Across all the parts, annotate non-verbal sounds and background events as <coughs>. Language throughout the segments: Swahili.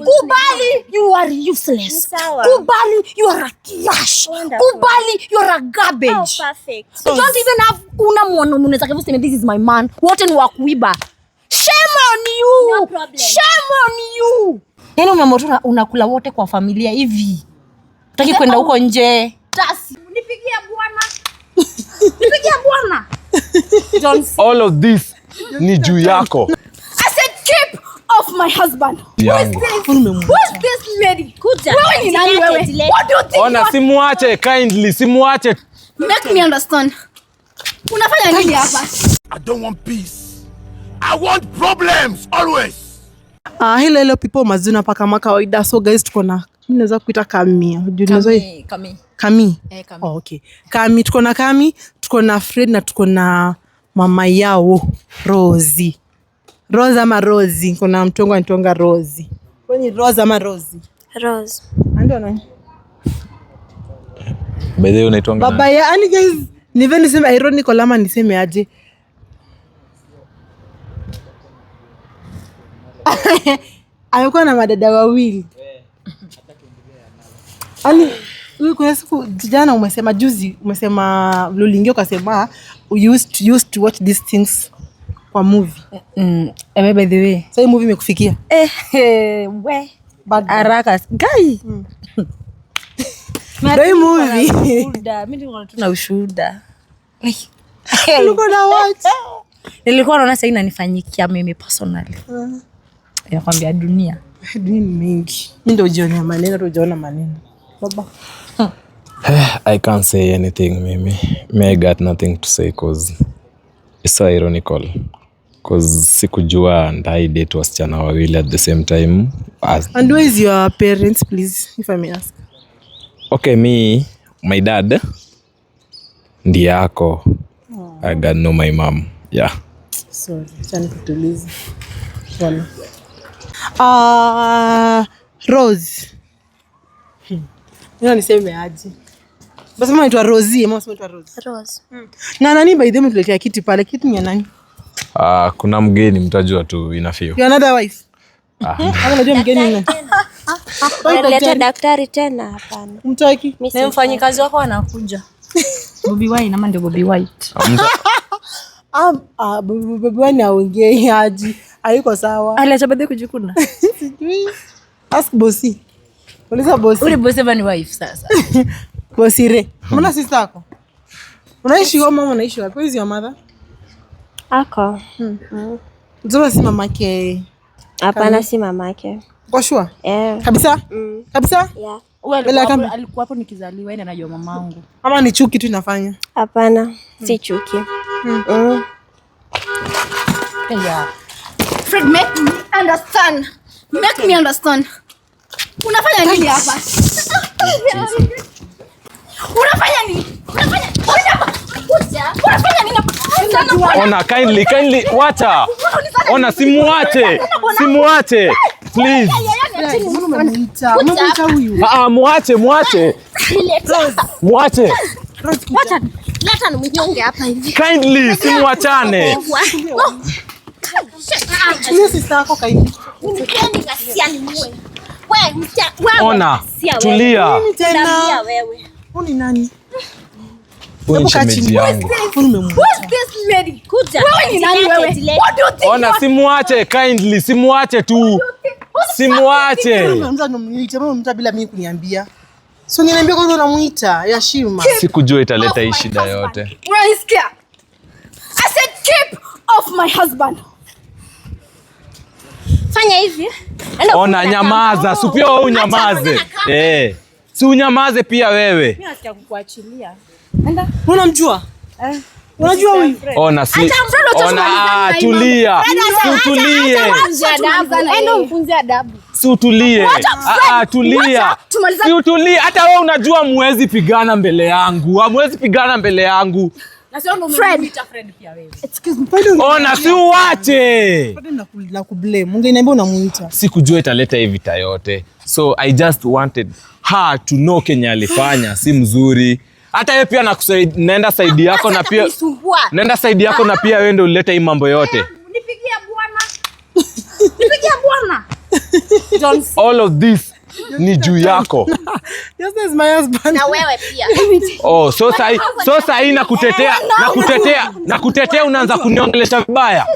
Kubali you are useless. Kubali you are a trash. Kubali you are a garbage. Oh, perfect. You don't even have una mwanaume unaweza kusema this is my man. Wote ni wakuiba. Shame on you. No problem. Shame on you. Yaani umemotora unakula wote kwa familia hivi. Utaki kwenda huko nje. Tasi. Nipigie bwana. <laughs> Nipigie bwana. All of this ni juu yako my husband. Who Who is is this? this lady? do you think? Ona, simwache kindly, simwache. Make me understand. Unafanya nini hapa? I don't want peace. I want problems always. Ah, hello hello people mazina paka kama kawaida. So guys, tuko na naweza kuita kamia. Kami. Kami. Eh, kami. Oh, okay. Kami tuko na Kami, tuko na Fred na tuko na mama yao Rosie. Rose ama Rozi? Kuna mtongo anatonga Rozi. Kwani Rose ama Rozi? Rose. Ando na. By the way unaitonga Baba ya ani guys, ni vile niseme ironical ama niseme aje? <laughs> Amekuwa na madada wawili. Ani kwa siku jana umesema, juzi umesema, uliingia ukasema ah, you used used to watch these things kwa movie. Mm, eh, by the way. Sasa hii movie imekufikia? Eh, eh, we. Haraka. Gai. Mm. <laughs> Ndio movie. Mimi ndio nilikuwa na ushuhuda. <laughs> Nilikuwa na watch. <laughs> Nilikuwa naona sasa inanifanyikia mimi personally. Mm. Inakwambia dunia. Dunia ni mingi. Mimi ndio jiona maneno, ndio jiona maneno. Baba. Eh, I can't say anything mimi. May I got nothing to say cause it's so ironical. Cause sikujua and date wasichana wawili at the same time. As And where is your parents please if I may ask? Okay, me my dad ndi yako Oh. I got know my mom. Yeah. Sorry, acha nikutulize. Bwana. Ah, Rose. Hmm. Nina niseme aje? Basi mimi naitwa Rosie, mimi naitwa Rose. Rose. Hmm. Na nani by the way mtuletea kiti pale, kiti ni nani? Uh, kuna mgeni mtajua tu inafio. You another wife? Ah. Hmm? Unajua mgeni Daktari tena hapana. Mtaki. mfanyikazi wako anakuja. <laughs> Bobi Wine ama ndio White? Ah, <laughs> Hayuko sawa. kujikuna. <laughs> Sijui. Ask Uliza Ule wife sasa. re. Mbona yako? Unaishi wapi mama, unaishi wapi? Where is your mother? Ako. mm. Zuma si mamake. Hapana, si mamake. Kwa sure? Eh. Kabisa? Mm. Kabisa? Yeah. Well, Alikuwa hapo nikizaliwa, yeye anajua mamangu. Ama ni chuki tu inafanya? Hapana, mm. Si chuki. Hmm. mm. Mm. Yeah. Fred, make me understand. Make me understand. Unafanya nini hapa? <laughs> Unafanya nini? Unafanya nini? Unafanya nini? Ona, kindly, kindly, wacha. Ona, simuache, simuache. Please. Ah, ah, muache, muache. Muache. Kindly, simuachane. Ah, oh. ah, Ona, tulia. Wewe. Wewe. Ona, simuache kindly, simuache tu, simuache. bila mimi kuniambia, si kwanza unamuita Sikujua italeta hii shida yote. Fanya hivi. Ona, nyamaza, oh. supia wewe unyamaze. Eh. Si unyamaze pia wewe. Mimi nataka kukuachilia. Unamjua? Eh. Unajua huyu? Ona oh, si. Ona oh, ah, tulia. Tulie. Enda mfunzie adabu. Si utulie. Ah, ah tulia. Si utulie. Hata wewe unajua muwezi pigana mbele yangu. Hamuwezi ah, pigana mbele yangu. Ona oh, si uwache. Sikujua italeta hii vita yote. So I just wanted her to know Kenya alifanya si mzuri hata yeye pia naenda saidi yako na pia naenda saidi yako na pia wewe ndio ulileta hii mambo yote. Nipigie bwana. Nipigie bwana. All of this ni juu yako. Yes, is my husband. Na wewe pia. Oh, so sai so sai na kutetea na kutetea na kutetea unaanza kuniongelesha vibaya.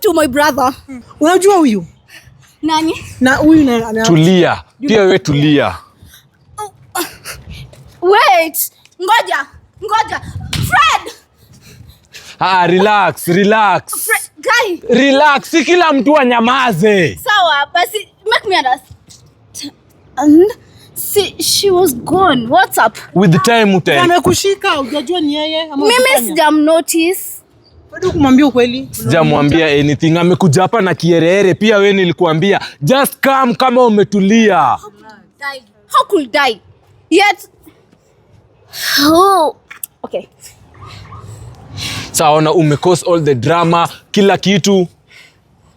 To my brother. Unajua huyu? Nani? Na huyu na tulia. Pia wewe tulia. Wait. Ngoja, ngoja. Fred! Ah, relax, relax. Fred, guy. Relax, si kila mtu anyamaze. Sawa, basi make me understand. And si she was gone. What's up? With the time utaenda. Amekushika, hujajua ni yeye ama mimi sijam notice. Bado kumwambia ukweli. Sijamwambia anything. Amekuja hapa na kierere pia We nilikuambia. Just come kama umetulia. How could die? How could die? Yet Oh. Okay. Sawa, na umekosa all the drama, kila kitu.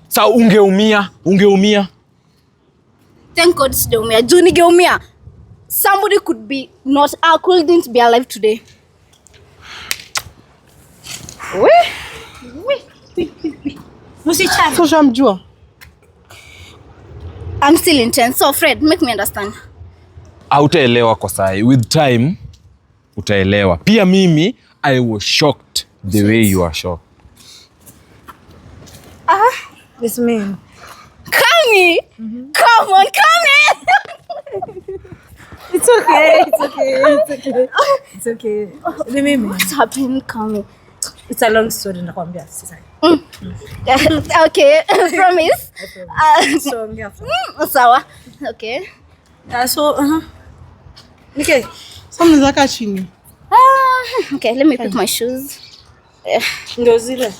Sawa, ungeumia, ungeumia. Thank God sijaumia. Juu ningeumia. Somebody could be not I couldn't be alive today. We? We. We. Musichana. So mjua. I'm still intense. So Fred, make me understand. Hautaelewa kwa sai. With time utaelewa. Pia mimi I was shocked the way you are shocked. Ah, this man. Mm-hmm. Come on, It's okay. It's okay. It's okay. It's okay. What's happened, It's a long story nakwambia. Mm. <laughs> Okay, <coughs> <coughs> promise. Mm, sawa. Okay. Uh, so, uh-huh. Sasa kaa chini. Ah, okay, let me pick my shoes. Ndio zile.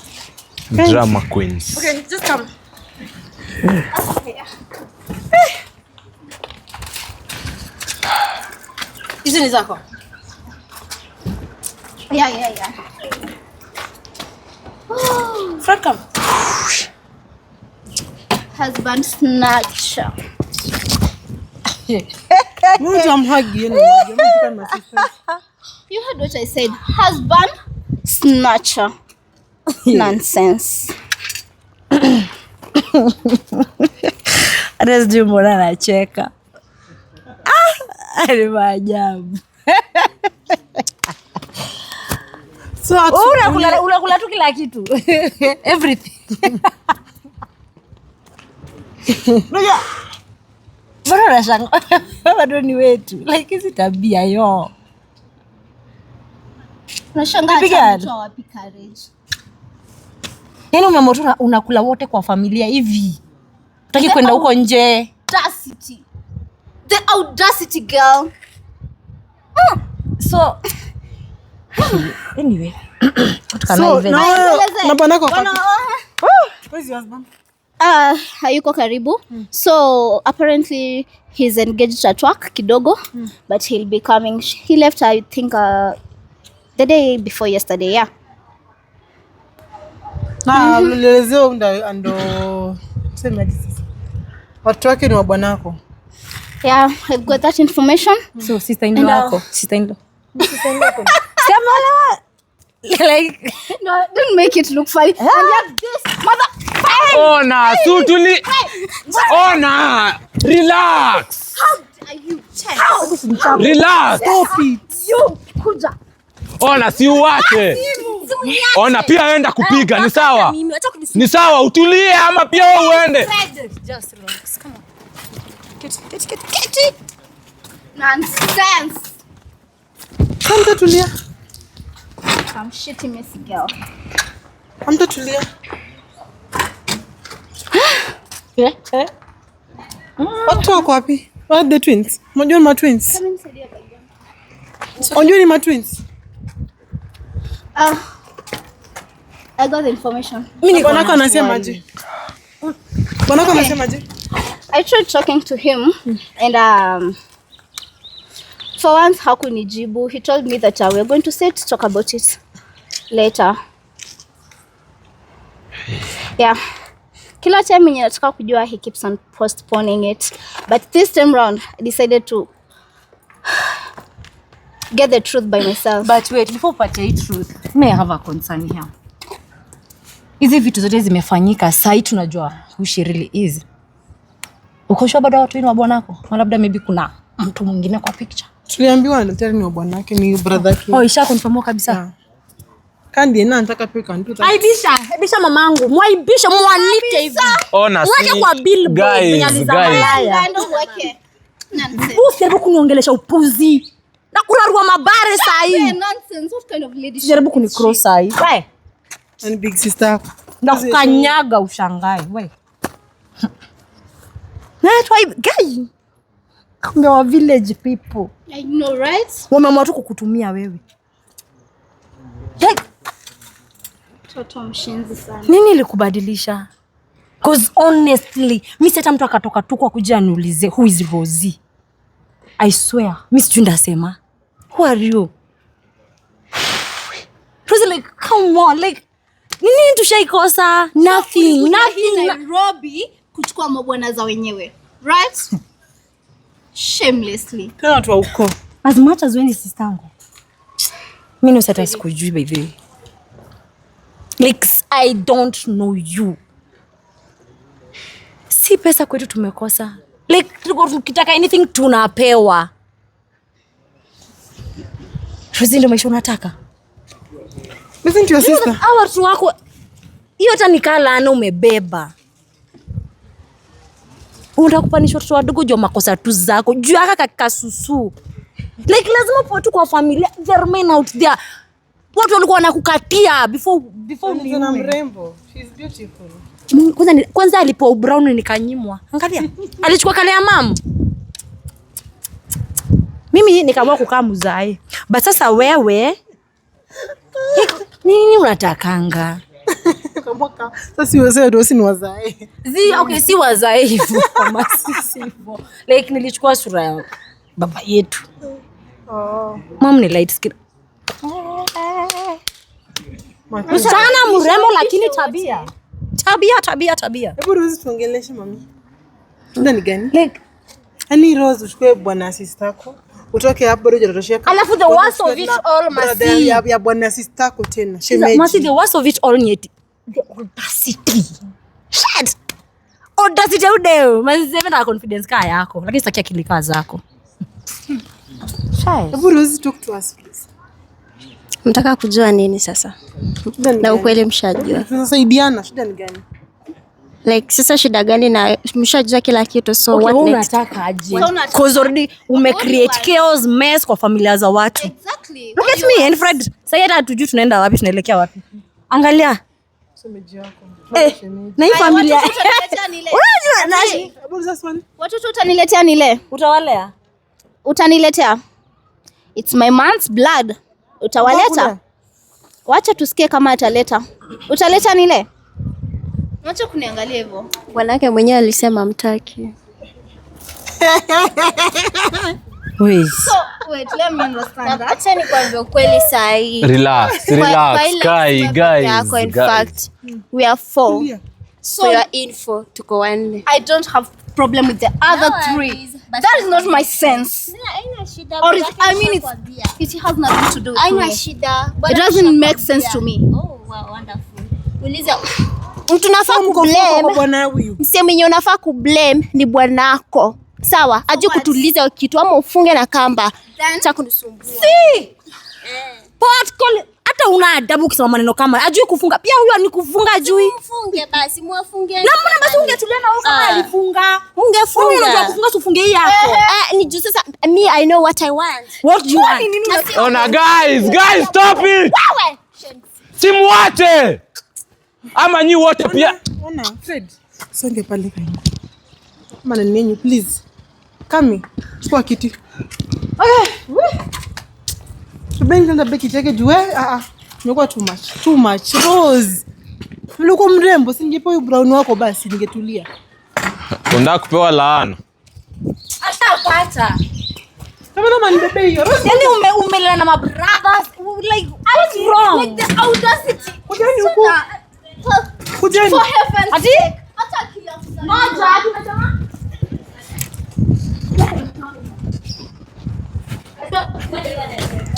Drama queens. Okay, just come. Hizi ni zako. Yeah, yeah, yeah. Oh, come. Husband snatcher. <laughs> Mtu amhagi yeye. You heard what I said. Husband snatcher. <laughs> Nonsense. Hata sijui mbona anacheka. Ah, ni maajabu. <laughs> So, unakula unakula tu kila kitu. <laughs> Everything mbona unashangaa <laughs> bado ni wetu like hizi tabia yo yaani umemoto unakula wote kwa familia hivi utaki kwenda huko nje the audacity girl hmm. so <sighs> anyway <clears throat> so, no, no, no, no, no, no, no, no, Uh, hayuko karibu mm. So apparently he's engaged at work kidogo mm. But he'll be coming. He left I think uh, the day before yesterday yeah. Na mhm. mlelezeo ah, ndo sema watu wake ni wa bwanako. Yeah, I've got that information. Hmm. So sister in law uh, wako, sister in law. Sister in law. Kama like <laughs> <laughs> no, don't make it look funny. Yeah. And you have this mother Ona, sutuli. Ona, relax. How dare you check? Relax. Stop it. Yo, kuja. Ona, ah, si uwache. Ona pia enda kupiga, eh, ni sawa? Ni sawa, utulie ama pia wewe uende. Just relax. Come on. Get it, get it, get it. Nonsense. Kama tulia. I'm shitting this girl. Amta tulia. Yeah, Watu wako wapi? Where are the twins? Unajua ni ma twins. Unajua ni ma twins. Ah. I got the information. Mimi bwanako anasemaje? Bwanako anasemaje? I tried talking to him and um for once hakunijibu. He told me that uh, we are going to sit talk about it later. Yeah. Kila time yenye nataka kujua he keeps on postponing it but this time round I decided to get the truth by myself. But wait, before upate hii truth, may I have a concern here. Hizi vitu zote zimefanyika saa hii tunajua who she really is. Uko sure bado watu ni wa bwanako? labda maybe kuna mtu mwingine kwa picture. Tuliambiwa tayari ni wa bwanake, ni brother oh, yake. Oh, isha confirm kabisa. yeah. Kandi na nataka peka ndio. Aibisha, aibisha mamangu. Mwaibisha, mwanike hivi. Ona si. Waje kwa billboard mnyalizana. Ndio weke. Nonsense. Usijaribu kuniongelesha upuzi. Na kurarua mabare saa hii. Nonsense. What kind of lady? Jaribu kunicross saa hii. Wewe. And big sister. Na Ndakukanyaga ushangae. Wewe. <laughs> Naitwa hivi guy. Kumbe wa village people. I know right? Wamama tu kukutumia wewe. Toto mshinzi sana. Nini ilikubadilisha? Cause honestly, mimi hata mtu akatoka tu kwa kuja niulize who is Rosie? I swear, mimi sijui ndasema. Who are you? Rosie like come on, like nini tushaikosa? Nothing, nothing. Na... Nairobi kuchukua mabwana za wenyewe. Right? Shamelessly. Tena tu huko. As much as wewe ni sistangu. Mimi no sasa sikujui by the way like I don't know you. Si pesa kwetu tumekosa, like tukitaka anything tunapewa. Hizi ndio maisha unataka watu wako, hiyo tanikalana umebeba unataka kupanisha watoto wadogo juu makosa tu zako juu aka kakasusu like lazima tu kwa familia, there men out there watu walikuwa wanakukatia before before ni mrembo. She's beautiful. Kwanza kwanza alipo brown nikanyimwa. Angalia. <laughs> Alichukua kale ya mamu. Mimi nikaamua kukaa muzai. But sasa wewe nini unatakanga? Okay, si wazaifu kama sisi hivyo. Like nilichukua sura ya baba yetu. Oh. Mom ni light skin. Msichana mrembo lakini tabia tabia tabia tabia. Hebu Rose tuongeleshe mami. Tunda ni gani? Like, yani Rose uchukue bwana sister yako utoke hapo rojo rojo. Alafu the worst of it all masi. Ya, ya bwana sister yako tena. Shemeji. Masi the worst of it all ni the audacity. Shit. Audacity ya udeo. Masi sema na confidence kaya yako lakini sitaki akili kaa zako. Shit. Hebu Rose talk to us please. Mtaka kujua nini sasa? Na ukweli mshajua. Sasa Saidiana, shida ni gani? Like sasa shida gani? Na mshajua kila kitu, so okay, what next? Unataka aje? Cause already ume create chaos mess kwa familia za watu. Exactly. Look at me and Fred. Sasa hata hatujui tunaenda wapi, tunaelekea wapi? Angalia. Eh, na hii familia. <laughs> Watoto utaniletea nile. Utawalea? Utaniletea. It's my man's blood. Utawaleta? Wacha tusikie kama ataleta. Utaleta nile? Wacha kuniangalia hivyo. Bwanake mwenyewe alisema mtaki. <laughs> Relax, relax, guys. In fact, we are four. So are in four, tuko wanne. I don't have problem with the other three. That is not my sense. Or it, I mean it, it has nothing to do with it. It doesn't make sense to me. Oh, wow, wonderful. Uliza mtu nafaa kublame. Msemo yenye unafaa kublame ni bwanako. Sawa, aje kutuliza kitu ama ufunge na kamba. Cha kunisumbua. Si. Pot call hata una adabu kusema maneno kama ajui kufunga pia, huyo ni kufunga jui. Mfunge basi, mwafunge na mbona basi ungetulia na wewe kama ah. alifunga ungefunga, unajua kufunga sufunge hii yako eh, eh, ni juu sasa. Me I know what I want, what do you want. Yaani ona guys, guys stop it, wewe simu wote ama nyi wote pia. Ona Fred, songe pale kwangu, maneno yenyu please, kami chukua kiti okay. Subeni beki juwe juu imekuwa too much, too much. Rose, ulikuwa mrembo, si ningepewa brown wako basi ningetulia. Unataka kupewa laana? pata. Kama na manibebe hiyo. Rose, yani ume umelela na mabrothers like what's wrong? Like the audacity. Kujani huko. Kujani. For heaven's sake. Hata kila sasa. Moja, jamaa.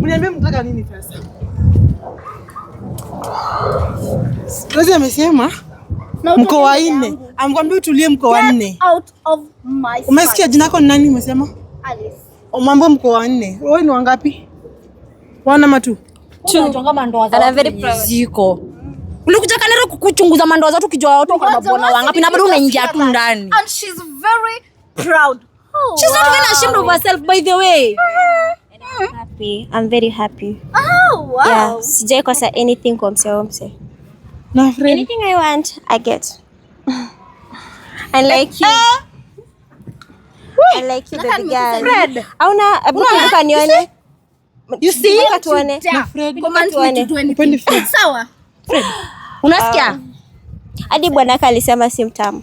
Mniambie mtaka nini sasa? Kazi amesema mko wa nne. Amkwambia utulie mko wa nne. Umesikia jina lako ni nani umesema? Alice. Umwambie mko wa nne. Wewe ni wangapi? Wana matu. Ziko. Ulikuja Kanero kukuchunguza mandoa zao tukijua watu kwa mabwana wangapi na bado unaingia tu ndani. And she's very proud. She's not even ashamed of herself by the way. Uh-huh happy. I'm very happy. Oh, wow. Yeah, sijai kosa anything kwa mse wa mse. No, friend. Anything I want, I get. <laughs> I like you. Ah. I like you, baby girl. Fred. Hauna abuka nione. You see? Tuone. Na Fred, command me to do anything. Sawa. Fred. Unasikia? Um, hadi bwana kalisema si mtamu.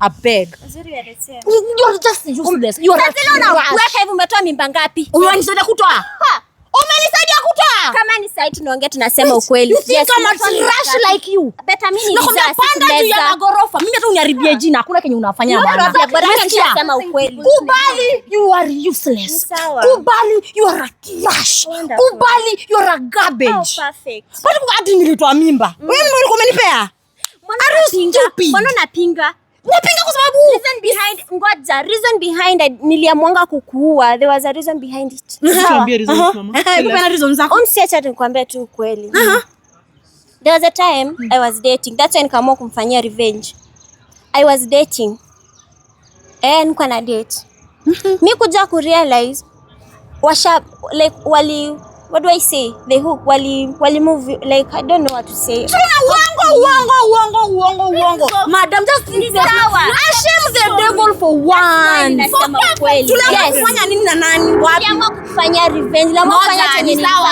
Um, hivi umetoa mimba ngapi? Umenisaidia kutoa? Umenisaidia kutoa? Kama ni tunaongea tunasema ukweli. juu ya magorofa. Mimi hata uniharibie jina, hakuna kenye unafanya bwana. Nasema ukweli. Kubali you are useless. Kubali you are trash. Kubali you are garbage. Oh, hadi nilitoa mimba. Mm. Wewe umenipea? Mbona unapinga? Napinga kwa sababu reason behind, ngoja, reason behind niliamwanga kukuua. There was a reason behind it. Niambie reason mama. Kuna reason zako. Oh, msiache nikwambie tu kweli. Hmm. There was a time I was dating. That's why nikaamua kumfanyia revenge. I was dating. Eh, niko na date. Mimi mhm. kuja ku realize washa like wali What do I say? The hook wali wali move like I don't know what to say. Uongo uongo uongo uongo uongo. Madam just ashame the devil for one. Tunafanya nini na nani? Wapi? Kufanya revenge. La mfanya chenye ni sawa.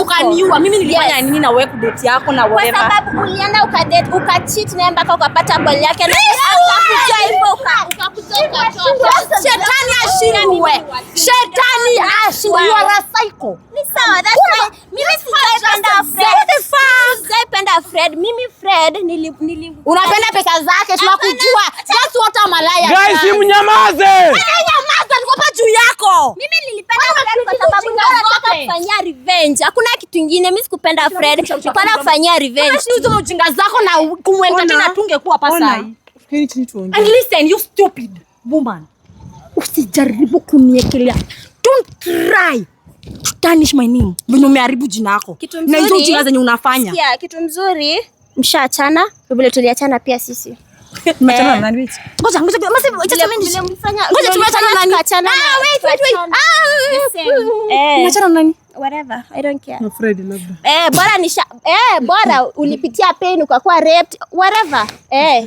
Ukaniua mimi nilifanya nini na wewe kudate yako na whatever. Kwa sababu ulienda ukadate ukacheat naye mpaka ukapata boli yake na akakuja hivyo ukakutoka. Shetani ashindwe. Shetani ashindwe. You are a psycho sawa, that's why mimi sijaipenda Fred. What the fuck? Sijaipenda Fred. Mimi Fred nili nili Unapenda pesa zake, tunakujua. That's what a liar. Guys, simnyamaze. Mimi nyamaza nikopa juu yako. Mimi nilipenda Fred kwa sababu nataka kufanyia revenge. Hakuna kitu kingine. Mimi sikupenda Fred. Nilipenda kufanyia revenge. Ni uzo mjinga zako na kumwendelea na tungekuwa pasa. Fikiri And listen, you stupid woman. Usijaribu kuniekelea. Don't try. Tarnish my name. Venye umeharibu jina yako Na hizo ujinga zenye unafanya. Sikia, kitu mzuri mshaachana, vile tuliachana pia sisi. <laughs> na eh. nani Ngoja, ngoja, Ngoja na nani? Ah, wait, wait, wait. na ah, eh. nani? Whatever, I don't care. Eh, bora eh, bora ulipitia pain ukakuwa raped, whatever. Eh.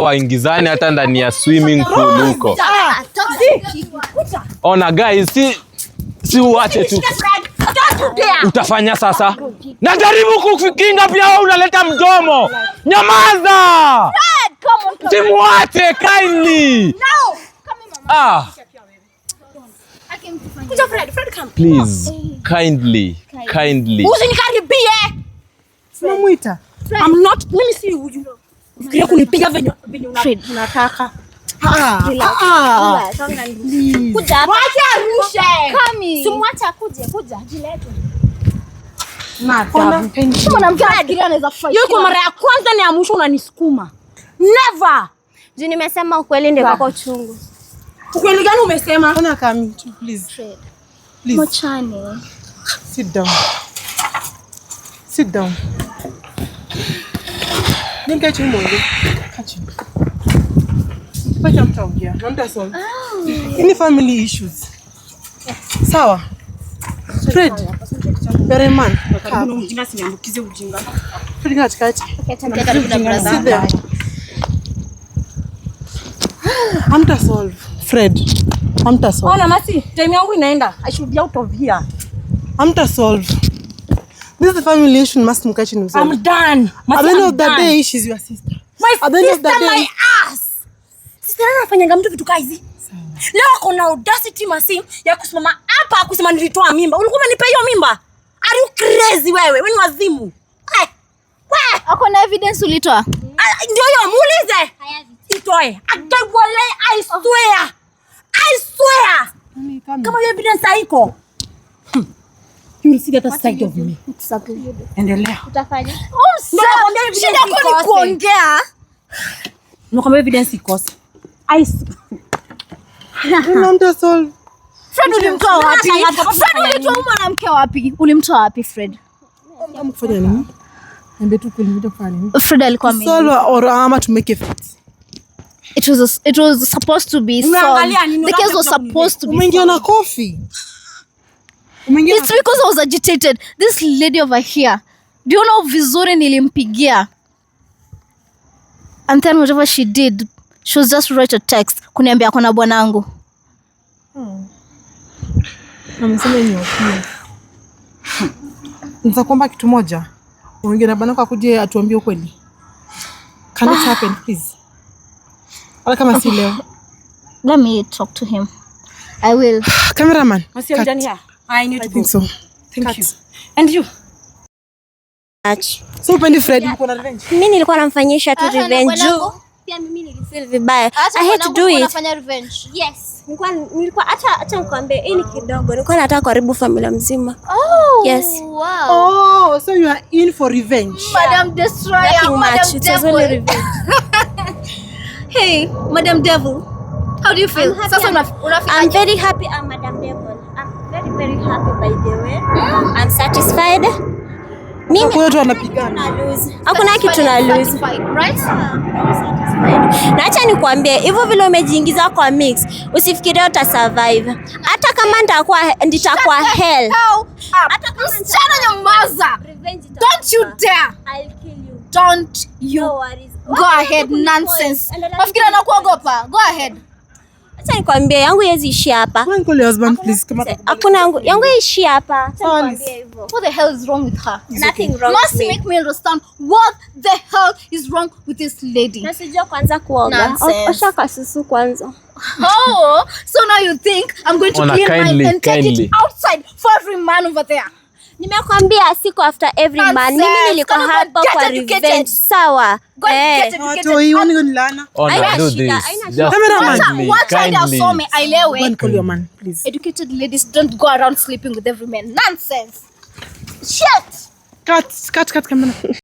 waingizane hata ndani ya swimming pool huko. Ah, Ona guys, si si uache tu, utafanya sasa. Najaribu kukinga, pia wewe unaleta mdomo. Nyamaza, simuache kindly. Ah. Fred, Fred, come. Please, kindly, kindly. Usinikaribie. Eh. Unamuita. I'm not, let me see you. Fikiria kunipiga venye unataka. kwa mara ya kwanza ni ya mwisho unanisukuma. Never. Juu nimesema ukweli ndio kwa uchungu. Ukweli gani umesema? Ona kami, please. Please. Mochane. Sit down. Sit down. Nikae chini mwanangu. Kaa chini. Pacha mtaongea. Na mtasoma. Oh. Ni family issues. Sawa. Fred. Bereman. Karibu mjinga siniambukize ujinga. Fred katikati. Karibu na brother. Hamta solve. Fred. Hamta solve. Ona masi, time yangu inaenda. I should be out of here. Hamta solve. This is the family relation must catch himself. I'm done. At the end of the day, she's your sister. My sister, day, my ass. Sister going to do this. Leo kuna audacity masi ya kusimama hapa kusema nilitoa mimba. Ulikuwa umenipa hiyo mimba? Are you crazy wewe? Wewe ni wazimu. Eh. Wewe. Uko na evidence ulitoa? Ah, ndio hiyo muulize. Itoe. Atagwale I swear. I swear. Kama hiyo evidence haiko. Hmm. You see that side of me. Endelea. Utafanya. Oh, shida yako ni kuongea. Nakwambia evidence ikosa. Fred, ulimtoa wapi? Fred, ulimtoa mwanamke wapi? Ulimtoa wapi Fred? Amkufanya nini? Niambie tu kweli nitafanya nini? Fred alikuwa mimi. Solve or ama to make a It was a, it was supposed to be solved. The case was supposed to be. Umeingia na coffee. It's because I was agitated. This lady over here. Do you know vizuri nilimpigia. And then whatever she did, she was just write a text kuniambia kuna bwanangu. Hmm. Nitakuomba kitu moja. Unaongea na bwanako akuje atuambie ukweli. Can it happen please? Ala kama si leo. Let me talk to him. I will. <sighs> Cameraman. Msiamjani ya. I need to go. So. Thank Cut. you. And you? So upendi Fred, uko na revenge? Mimi nilikuwa namfanyisha tu revenge. Pia mimi nilifeel vibaya. Ah, I hate to do it. Unafanya revenge. Yes. Nilikuwa nilikuwa acha acha nikwambie hii ni oh. kidogo. Nilikuwa nataka kuharibu familia mzima. Oh. Yes. Wow. Oh, so you are in for revenge. Mm, Madam Destroyer, oh, Madam Devil. <laughs> Hey, Madam Devil. How do you feel? Sasa unafikia. I'm very happy I'm Madam Devil very happy by the way. Mm. I'm satisfied. Mimi hakuna kitu na lose. Na acha nikwambie hivyo vile umejiingiza kwa mix, usifikirie uta survive. Hata kama nitakuwa nitakuwa hell. Hata kama msichana nyamaza. Don't you dare. I'll kill you. Don't you. No worries. Go ahead nonsense. Nafikiri anakuogopa. Go ahead. Sasa nikwambie yangu yezi ishi hapa. Hakuna yangu yangu ishi hapa. What the hell is wrong with her? Nothing wrong. Must make me understand what the hell is wrong with this lady. Nasijua kwanza kuoga. Osha kasusu kwanza. Oh, so now you think I'm going to clean my and outside for every man over there. Nimekwambia siko after every man. Mimi nilikuwa hapa kwa revenge. Sawa. Educated ladies don't go around sleeping with every man. Nonsense. Shit. Cut, cut, cut